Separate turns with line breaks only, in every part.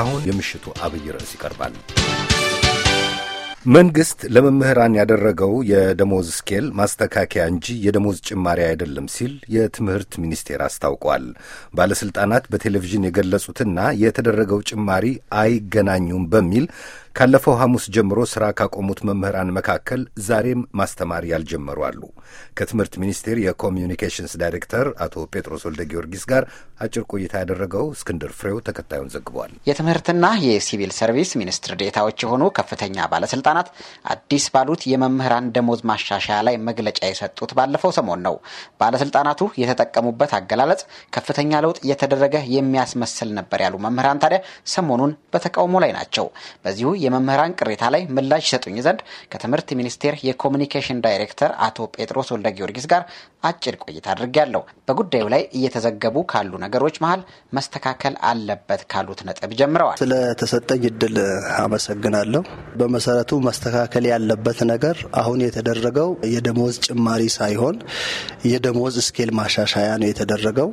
አሁን የምሽቱ አብይ ርዕስ ይቀርባል። መንግስት ለመምህራን ያደረገው የደሞዝ ስኬል ማስተካከያ እንጂ የደሞዝ ጭማሪ አይደለም ሲል የትምህርት ሚኒስቴር አስታውቋል። ባለሥልጣናት በቴሌቪዥን የገለጹትና የተደረገው ጭማሪ አይገናኙም በሚል ካለፈው ሐሙስ ጀምሮ ሥራ ካቆሙት መምህራን መካከል ዛሬም ማስተማር ያልጀመሩ አሉ። ከትምህርት ሚኒስቴር የኮሚዩኒኬሽንስ ዳይሬክተር አቶ ጴጥሮስ ወልደ ጊዮርጊስ ጋር
አጭር ቆይታ ያደረገው እስክንድር ፍሬው ተከታዩን ዘግቧል። የትምህርትና የሲቪል ሰርቪስ ሚኒስትር ዴታዎች የሆኑ ከፍተኛ ባለስልጣናት አዲስ ባሉት የመምህራን ደሞዝ ማሻሻያ ላይ መግለጫ የሰጡት ባለፈው ሰሞን ነው። ባለስልጣናቱ የተጠቀሙበት አገላለጽ ከፍተኛ ለውጥ እየተደረገ የሚያስመስል ነበር ያሉ መምህራን ታዲያ ሰሞኑን በተቃውሞ ላይ ናቸው። በዚሁ የመምህራን ቅሬታ ላይ ምላሽ ይሰጡኝ ዘንድ ከትምህርት ሚኒስቴር የኮሚኒኬሽን ዳይሬክተር አቶ ጴጥሮስ ወልደ ጊዮርጊስ ጋር አጭር ቆይታ አድርጌያለሁ። በጉዳዩ ላይ እየተዘገቡ ካሉ ነገሮች መሀል መስተካከል አለበት ካሉት ነጥብ
ጀምረዋል። ስለተሰጠኝ እድል አመሰግናለሁ። በመሰረቱ መስተካከል ያለበት ነገር አሁን የተደረገው የደሞዝ ጭማሪ ሳይሆን የደሞዝ ስኬል ማሻሻያ ነው የተደረገው።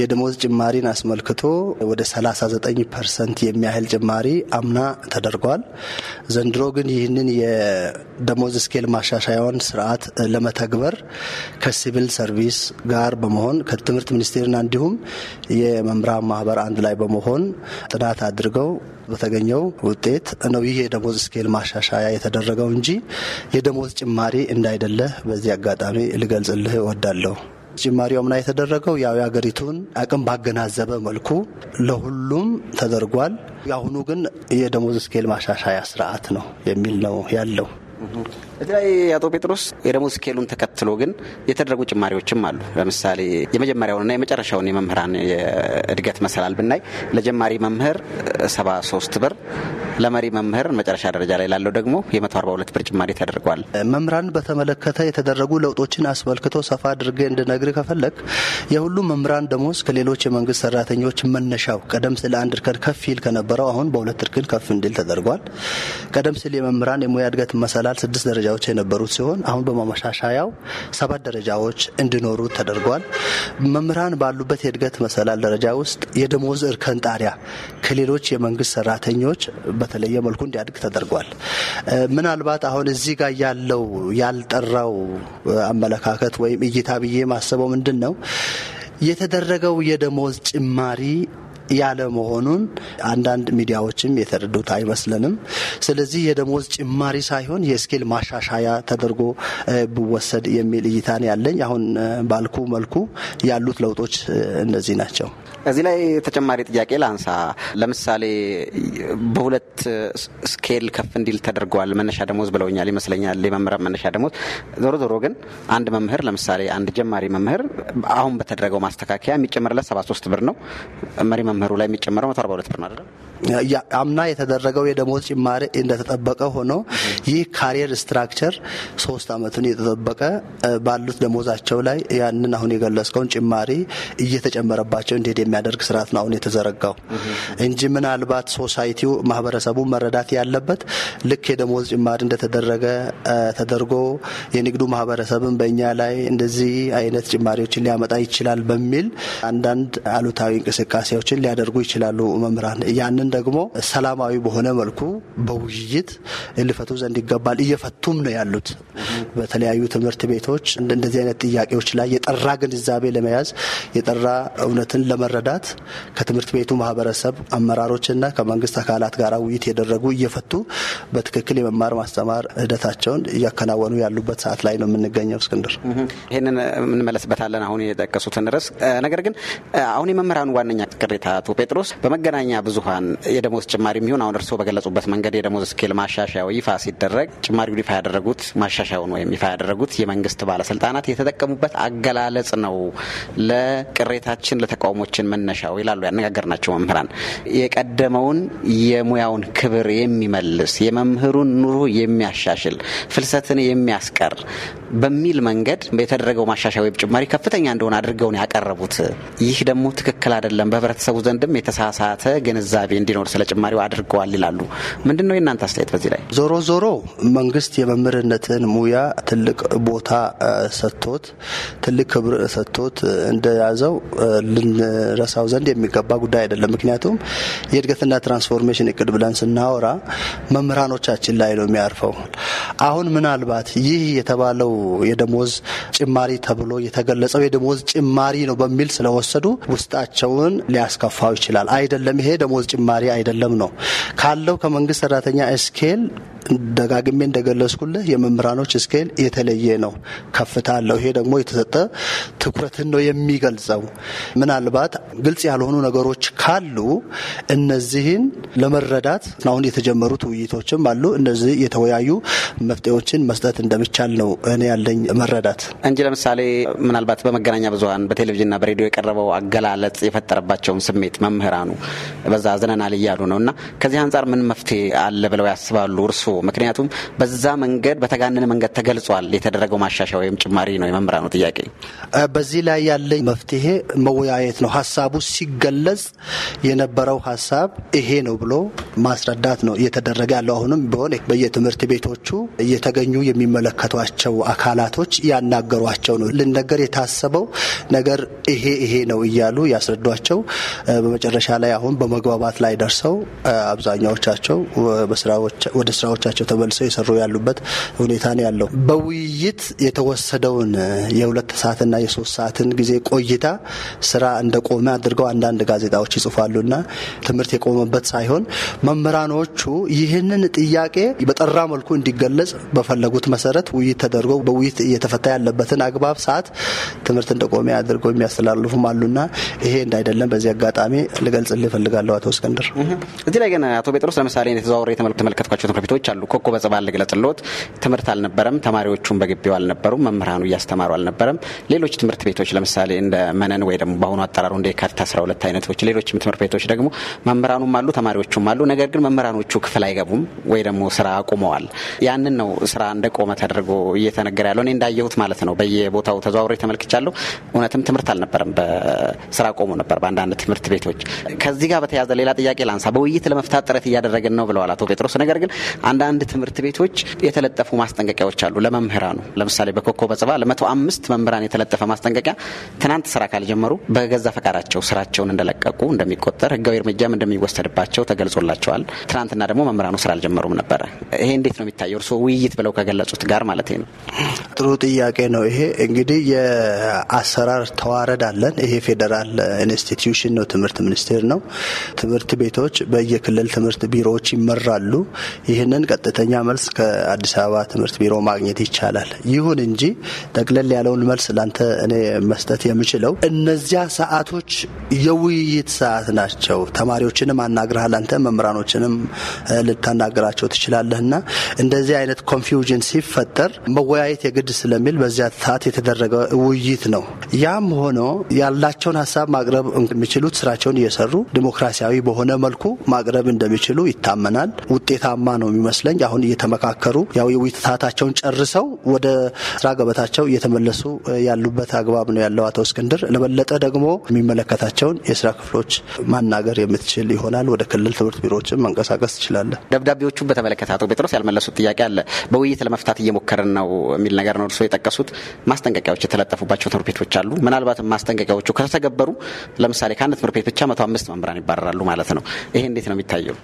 የደሞዝ ጭማሪን አስመልክቶ ወደ 39 ፐርሰንት የሚያህል ጭማሪ አምና ተደርጓል። ተደርጓል። ዘንድሮ ግን ይህንን የደሞዝ ስኬል ማሻሻያውን ስርዓት ለመተግበር ከሲቪል ሰርቪስ ጋር በመሆን ከትምህርት ሚኒስቴርና እንዲሁም የመምህራን ማህበር አንድ ላይ በመሆን ጥናት አድርገው በተገኘው ውጤት ነው ይህ የደሞዝ ስኬል ማሻሻያ የተደረገው እንጂ የደሞዝ ጭማሪ እንዳይደለ በዚህ አጋጣሚ ልገልጽልህ እወዳለሁ። ጅማሬውም ላይ የተደረገው ያው የሀገሪቱን አቅም ባገናዘበ መልኩ ለሁሉም ተደርጓል። የአሁኑ ግን የደሞዝ ስኬል ማሻሻያ ስርዓት ነው የሚል ነው ያለው።
እዚህ ላይ አቶ ጴጥሮስ የደሞዝ ስኬሉን ተከትሎ ግን የተደረጉ ጭማሪዎችም አሉ። ለምሳሌ የመጀመሪያውንና የመጨረሻውን የመምህራን የእድገት መሰላል ብናይ ለጀማሪ መምህር 73 ብር፣ ለመሪ መምህር መጨረሻ ደረጃ ላይ ላለው ደግሞ የ142 ብር ጭማሪ ተደርጓል።
መምህራን በተመለከተ የተደረጉ ለውጦችን አስመልክቶ ሰፋ አድርጌ እንድነግር ከፈለግ የሁሉም መምህራን ደሞዝ ከሌሎች የመንግስት ሰራተኞች መነሻው ቀደም ሲል አንድ እርከን ከፍ ይል ከነበረው አሁን በሁለት እርከን ከፍ እንዲል ተደርጓል። ቀደም ስል የመምህራን የሙያ እድገት መሰላል በጠቅላላ ስድስት ደረጃዎች የነበሩት ሲሆን አሁን በማመሻሻያው ሰባት ደረጃዎች እንዲኖሩ ተደርጓል። መምህራን ባሉበት የእድገት መሰላል ደረጃ ውስጥ የደሞዝ እርከን ጣሪያ ከሌሎች የመንግስት ሰራተኞች በተለየ መልኩ እንዲያድግ ተደርጓል። ምናልባት አሁን እዚህ ጋር ያለው ያልጠራው አመለካከት ወይም እይታ ብዬ ማሰበው ምንድን ነው የተደረገው የደሞዝ ጭማሪ ያለ መሆኑን አንዳንድ ሚዲያዎችም የተረዱት አይመስለንም። ስለዚህ የደሞዝ ጭማሪ ሳይሆን የስኬል ማሻሻያ ተደርጎ ብወሰድ የሚል እይታን ያለኝ አሁን ባልኩ መልኩ ያሉት ለውጦች እነዚህ ናቸው።
እዚህ ላይ ተጨማሪ ጥያቄ ላንሳ። ለምሳሌ በሁለት ስኬል ከፍ እንዲል ተደርገዋል። መነሻ ደሞዝ ብለውኛል ይመስለኛል፣ የመምህራን መነሻ ደሞዝ። ዞሮ ዞሮ ግን አንድ መምህር ለምሳሌ አንድ ጀማሪ መምህር አሁን በተደረገው ማስተካከያ የሚጨምርለት ሰባ ሶስት ብር ነው። መሪ መምህሩ ላይ የሚጨመረው መቶ አርባ ሁለት ብር ነው አይደለም።
አምና የተደረገው የደሞዝ ጭማሪ እንደተጠበቀ ሆኖ ይህ ካሪየር ስትራክቸር ሶስት አመቱን እየተጠበቀ ባሉት ደሞዛቸው ላይ ያንን አሁን የገለጽከውን ጭማሪ እየተጨመረባቸው እንዲሄድ የሚያደርግ ስርዓት ነው አሁን የተዘረጋው እንጂ ምናልባት ሶሳይቲው ማህበረሰቡ መረዳት ያለበት ልክ የደሞዝ ጭማሪ እንደተደረገ ተደርጎ የንግዱ ማህበረሰብን በእኛ ላይ እንደዚህ አይነት ጭማሪዎችን ሊያመጣ ይችላል በሚል አንዳንድ አሉታዊ እንቅስቃሴዎችን ሊያደርጉ ይችላሉ መምህራን። ያንን ደግሞ ሰላማዊ በሆነ መልኩ በውይይት ሊፈቱ ዘንድ ይገባል። እየፈቱም ነው ያሉት። በተለያዩ ትምህርት ቤቶች እንደዚህ አይነት ጥያቄዎች ላይ የጠራ ግንዛቤ ለመያዝ የጠራ እውነትን ለመረዳት ከትምህርት ቤቱ ማህበረሰብ አመራሮችና ከመንግስት አካላት ጋር ውይይት የደረጉ እየፈቱ በትክክል የመማር ማስተማር ሂደታቸውን እያከናወኑ ያሉበት ሰዓት ላይ ነው የምንገኘው። እስክንድር
ይህንን እንመለስበታለን አሁን የጠቀሱትን ርዕስ ነገር ግን አሁን የመምህራኑ ዋነኛ ቅሬታ አቶ ጴጥሮስ በመገናኛ ብዙሀን የደሞዝ ጭማሪ የሚሆን አሁን እርስዎ በገለጹበት መንገድ የደሞዝ ስኬል ማሻሻያው ይፋ ሲደረግ ጭማሪውን ይፋ ያደረጉት ማሻሻያውን ወይም ይፋ ያደረጉት የመንግስት ባለስልጣናት የተጠቀሙበት አገላለጽ ነው ለቅሬታችን ለተቃውሞችን መነሻው ይላሉ ያነጋገርናቸው መምህራን። የቀደመውን የሙያውን ክብር የሚመልስ የመምህሩን ኑሮ የሚያሻሽል ፍልሰትን የሚያስቀር በሚል መንገድ የተደረገው ማሻሻያ ወይም ጭማሪ ከፍተኛ እንደሆነ አድርገውን ያቀረቡት ይህ ደግሞ ትክክል አይደለም በህብረተሰቡ ዘንድም የተሳሳተ ግንዛቤ እንዲኖር ስለ ጭማሪው አድርገዋል ይላሉ። ምንድን ነው የእናንተ አስተያየት በዚህ ላይ?
ዞሮ ዞሮ መንግስት የመምህርነትን ሙያ ትልቅ ቦታ ሰጥቶት ትልቅ ክብር ሰጥቶት እንደያዘው ልንረሳው ዘንድ የሚገባ ጉዳይ አይደለም። ምክንያቱም የእድገትና ትራንስፎርሜሽን እቅድ ብለን ስናወራ መምህራኖቻችን ላይ ነው የሚያርፈው። አሁን ምናልባት ይህ የተባለው የደሞዝ ጭማሪ ተብሎ የተገለጸው የደሞዝ ጭማሪ ነው በሚል ስለወሰዱ ውስጣቸውን ሊያስከፉ ሊያስፋው ይችላል። አይደለም ይሄ ደሞዝ ጭማሪ አይደለም ነው ካለው ከመንግስት ሰራተኛ ስኬል ደጋግሜ እንደገለጽኩልህ የመምህራኖች ስኬል የተለየ ነው፣ ከፍታ አለው። ይሄ ደግሞ የተሰጠ ትኩረትን ነው የሚገልጸው። ምናልባት ግልጽ ያልሆኑ ነገሮች ካሉ እነዚህን ለመረዳት አሁን የተጀመሩት ውይይቶችም አሉ። እነዚህ የተወያዩ መፍትሄዎችን መስጠት እንደሚቻል ነው እኔ ያለኝ መረዳት
እንጂ ለምሳሌ ምናልባት በመገናኛ ብዙኃን በቴሌቪዥንና በሬዲዮ የቀረበው አገላለጽ የፈጠረባቸውን ስሜት መምህራኑ በዛ አዝነናል እያሉ ነው እና ከዚህ አንጻር ምን መፍትሄ አለ ብለው ያስባሉ እርስዎ? የቀረበው? ምክንያቱም በዛ መንገድ በተጋነነ መንገድ ተገልጿል የተደረገው ማሻሻያ ወይም ጭማሪ ነው የመምህራኑ ጥያቄ።
በዚህ ላይ ያለኝ መፍትሄ መወያየት ነው። ሀሳቡ ሲገለጽ የነበረው ሀሳብ ይሄ ነው ብሎ ማስረዳት ነው እየተደረገ ያለው። አሁንም ቢሆን በየትምህርት ቤቶቹ እየተገኙ የሚመለከቷቸው አካላቶች ያናገሯቸው ነው ልነገር የታሰበው ነገር ይሄ ይሄ ነው እያሉ ያስረዷቸው በመጨረሻ ላይ አሁን በመግባባት ላይ ደርሰው አብዛኛዎቻቸው ወደ ስራዎች ከመሬታቸው ተመልሰው የሰሩ ያሉበት ሁኔታ ነው ያለው። በውይይት የተወሰደውን የሁለት ሰዓትና የሶስት ሰዓትን ጊዜ ቆይታ ስራ እንደቆመ አድርገው አንዳንድ ጋዜጣዎች ይጽፋሉና ትምህርት የቆመበት ሳይሆን መምህራኖቹ ይህንን ጥያቄ በጠራ መልኩ እንዲገለጽ በፈለጉት መሰረት ውይይት ተደርጎ በውይይት እየተፈታ ያለበትን አግባብ ሰዓት ትምህርት እንደቆመ አድርገው የሚያስተላልፉም አሉና ይሄ እንዳይደለም በዚህ አጋጣሚ ልገልጽልህ እፈልጋለሁ አቶ እስክንድር።
እዚህ ላይ ግን አቶ ጴጥሮስ ለምሳሌ የተዘዋወረ የተመለከትኳቸው ትምህርት ቤቶች አሉ ያሉ ኮኮበ ጽባህ ልግለጽልዎት፣ ትምህርት አልነበረም፣ ተማሪዎቹም በግቢው አልነበሩም፣ መምህራኑ እያስተማሩ አልነበረም። ሌሎች ትምህርት ቤቶች ለምሳሌ እንደ መነን ወይ ደግሞ በአሁኑ አጠራሩ እንደ የካቲት ሁለት አይነቶች ሌሎችም ትምህርት ቤቶች ደግሞ መምህራኑም አሉ፣ ተማሪዎቹም አሉ። ነገር ግን መምህራኖቹ ክፍል አይገቡም ወይ ደግሞ ስራ አቁመዋል። ያንን ነው ስራ እንደቆመ ተደርጎ እየተነገረ ያለው። እኔ እንዳየሁት ማለት ነው። በየቦታው ተዘዋውሮ ተመልክቻለሁ። እውነትም ትምህርት አልነበረም፣ በስራ ቆሞ ነበር በአንዳንድ ትምህርት ቤቶች። ከዚህ ጋር በተያያዘ ሌላ ጥያቄ ላንሳ። በውይይት ለመፍታት ጥረት እያደረግን ነው ብለዋል አቶ ጴጥሮስ። ነገር ግን አንዳንድ ትምህርት ቤቶች የተለጠፉ ማስጠንቀቂያዎች አሉ ለመምህራኑ። ለምሳሌ በኮከበ ጽባ ለመቶ አምስት መምህራን የተለጠፈ ማስጠንቀቂያ ትናንት ስራ ካልጀመሩ በገዛ ፈቃዳቸው ስራቸውን እንደለቀቁ እንደሚቆጠር፣ ህጋዊ እርምጃም እንደሚወሰድባቸው ተገልጾላቸዋል። ትናንትና ደግሞ መምህራኑ ስራ አልጀመሩም ነበረ። ይሄ እንዴት ነው የሚታየው? እርስዎ ውይይት ብለው ከገለጹት ጋር ማለት ነው።
ጥሩ ጥያቄ ነው። ይሄ እንግዲህ የአሰራር ተዋረድ አለን። ይሄ ፌዴራል ኢንስቲትዩሽን ነው፣ ትምህርት ሚኒስቴር ነው። ትምህርት ቤቶች በየክልል ትምህርት ቢሮዎች ይመራሉ። ይህንን ቀጥተኛ መልስ ከአዲስ አበባ ትምህርት ቢሮ ማግኘት ይቻላል። ይሁን እንጂ ጠቅለል ያለውን መልስ ላንተ እኔ መስጠት የምችለው እነዚያ ሰዓቶች የውይይት ሰዓት ናቸው። ተማሪዎችንም አናግረሃል አንተ መምህራኖችንም ልታናግራቸው ትችላለህና እንደዚህ አይነት ኮንፊውዥን ሲፈጠር መወያየት የግድ ስለሚል በዚያ ሰዓት የተደረገ ውይይት ነው። ያም ሆኖ ያላቸውን ሀሳብ ማቅረብ የሚችሉት ስራቸውን እየሰሩ ዲሞክራሲያዊ በሆነ መልኩ ማቅረብ እንደሚችሉ ይታመናል። ውጤታማ ነው የሚመስ የሚመስለኝ አሁን እየተመካከሩ ያው የውይይታቸውን ጨርሰው ወደ ስራ ገበታቸው እየተመለሱ ያሉበት አግባብ ነው ያለው። አቶ እስክንድር ለበለጠ ደግሞ የሚመለከታቸውን የስራ ክፍሎች ማናገር የምትችል ይሆናል። ወደ ክልል ትምህርት ቢሮዎችም መንቀሳቀስ ትችላለህ።
ደብዳቤዎቹን በተመለከተ አቶ ጴጥሮስ ያልመለሱት ጥያቄ አለ። በውይይት ለመፍታት እየሞከርን ነው የሚል ነገር ነው እርስዎ የጠቀሱት። ማስጠንቀቂያዎች የተለጠፉባቸው ትምህርት ቤቶች አሉ። ምናልባትም ማስጠንቀቂያዎቹ ከተተገበሩ ለምሳሌ ከአንድ ትምህርት ቤት ብቻ መቶ አምስት መምህራን ይባረራሉ ማለት ነው። ይሄ እንዴት ነው የሚታየው?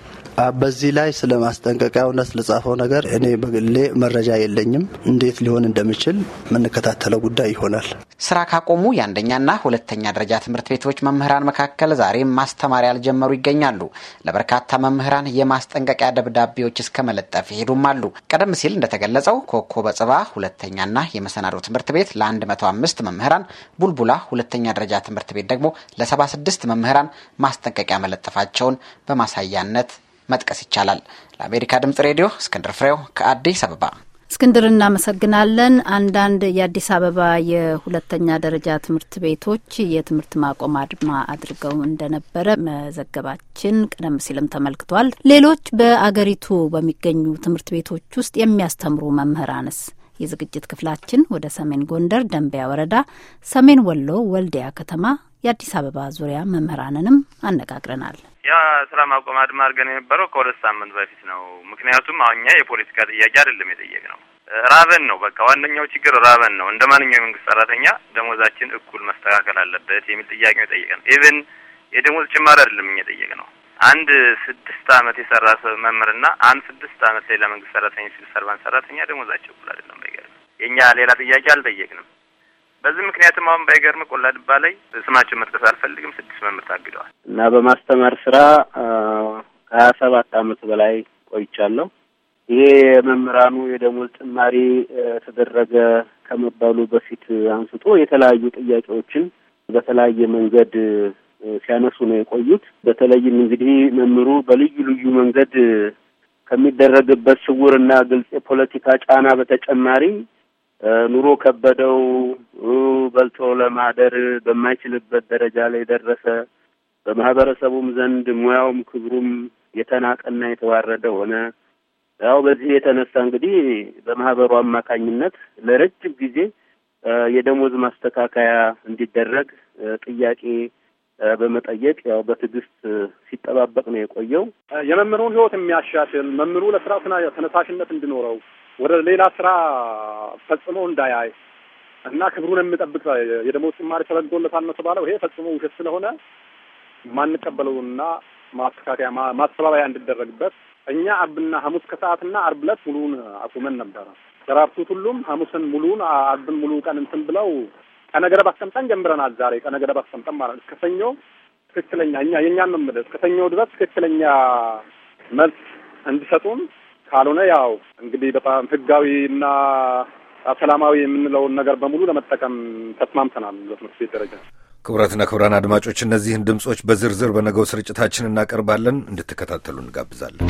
በዚህ ላይ ስለ ማስጠንቀቂያውና ድረስ ለጻፈው ነገር እኔ በግሌ መረጃ የለኝም። እንዴት ሊሆን እንደሚችል የምንከታተለው ጉዳይ ይሆናል።
ስራ ካቆሙ የአንደኛና ሁለተኛ ደረጃ ትምህርት ቤቶች መምህራን መካከል ዛሬም ማስተማር ያልጀመሩ ይገኛሉ። ለበርካታ መምህራን የማስጠንቀቂያ ደብዳቤዎች እስከ መለጠፍ ይሄዱም አሉ። ቀደም ሲል እንደተገለጸው ኮከበ ጽባ ሁለተኛና የመሰናዶ ትምህርት ቤት ለ105 መምህራን፣ ቡልቡላ ሁለተኛ ደረጃ ትምህርት ቤት ደግሞ ለ76 መምህራን ማስጠንቀቂያ መለጠፋቸውን በማሳያነት መጥቀስ ይቻላል። ለአሜሪካ ድምጽ ሬዲዮ እስክንድር ፍሬው ከአዲስ አበባ። እስክንድር እናመሰግናለን። አንዳንድ የአዲስ አበባ የሁለተኛ ደረጃ ትምህርት ቤቶች የትምህርት ማቆም አድማ አድርገው እንደነበረ መዘገባችን ቀደም ሲልም ተመልክቷል። ሌሎች በአገሪቱ በሚገኙ ትምህርት ቤቶች ውስጥ የሚያስተምሩ መምህራንስ? የዝግጅት ክፍላችን ወደ ሰሜን ጎንደር ደንቢያ ወረዳ፣ ሰሜን ወሎ ወልዲያ ከተማ የአዲስ አበባ ዙሪያ መምህራንንም አነጋግረናል።
ያ ስራ ማቆም አድማ አድርገን የነበረው ከሁለት ሳምንት በፊት ነው። ምክንያቱም እኛ የፖለቲካ ጥያቄ አይደለም የጠየቅነው ራበን ነው። በቃ ዋነኛው ችግር ራበን ነው። እንደ ማንኛው የመንግስት ሰራተኛ ደሞዛችን እኩል መስተካከል አለበት የሚል ጥያቄ ነው የጠየቅነው። ኢቨን የደሞዝ ጭማሪ አይደለም እኛ የጠየቅነው አንድ ስድስት አመት የሰራ መምህርና አንድ ስድስት አመት ሌላ መንግስት ሰራተኛ ሲል ሰርባን ሰራተኛ ደሞዛቸው እኩል አይደለም። በገር የእኛ ሌላ ጥያቄ አልጠየቅንም። በዚህ ምክንያትም አሁን ባይገርም ቆላ ድባ ላይ ስማቸው መጥቀስ አልፈልግም ስድስት መምህር ታግደዋል እና በማስተማር ስራ ከሀያ ሰባት አመት በላይ ቆይቻለሁ። ይሄ የመምህራኑ የደሞዝ ጭማሪ ተደረገ ከመባሉ በፊት አንስቶ የተለያዩ ጥያቄዎችን በተለያየ መንገድ ሲያነሱ ነው የቆዩት። በተለይም እንግዲህ መምህሩ በልዩ ልዩ መንገድ ከሚደረግበት ስውርና ግልጽ የፖለቲካ ጫና በተጨማሪ ኑሮ ከበደው በልቶ ለማደር በማይችልበት ደረጃ ላይ ደረሰ። በማህበረሰቡም ዘንድ ሙያውም ክብሩም የተናቀና የተዋረደ ሆነ። ያው በዚህ የተነሳ እንግዲህ በማህበሩ አማካኝነት ለረጅም ጊዜ የደሞዝ ማስተካከያ እንዲደረግ ጥያቄ በመጠየቅ ያው በትዕግስት ሲጠባበቅ ነው የቆየው። የመምህሩን ህይወት የሚያሻሽል መምህሩ ለስራ ተነሳሽነት እንዲኖረው ወደ ሌላ ስራ ፈጽሞ እንዳያይ እና ክብሩን የምጠብቅ የደሞዝ ጭማሪ ተደርጎለታል ነው ተባለው። ይሄ ፈጽሞ ውሸት ስለሆነ ማንቀበለውና ማስተካከያ ማስተባበያ እንድደረግበት እኛ አብና ሐሙስ ከሰዓትና አርብ ዕለት ሙሉውን አቁመን ነበረ። ደራርቱት ሁሉም ሐሙስን ሙሉውን አርብን ሙሉ ቀን እንትን ብለው ቀነ ገደብ አስቀምጠን ጀምረናል። ዛሬ ቀነ ገደብ አስቀምጠን ማለት እስከ ሰኞ ትክክለኛ እኛ የእኛን ነው የምልህ እስከ ሰኞ ድረስ ትክክለኛ መልስ እንዲሰጡን ካልሆነ ያው እንግዲህ በጣም ህጋዊ እና ሰላማዊ የምንለውን ነገር በሙሉ ለመጠቀም ተስማምተናል በትምህርት ቤት ደረጃ። ክቡራትና ክቡራን አድማጮች እነዚህን ድምፆች በዝርዝር በነገው ስርጭታችን እናቀርባለን። እንድትከታተሉ እንጋብዛለን።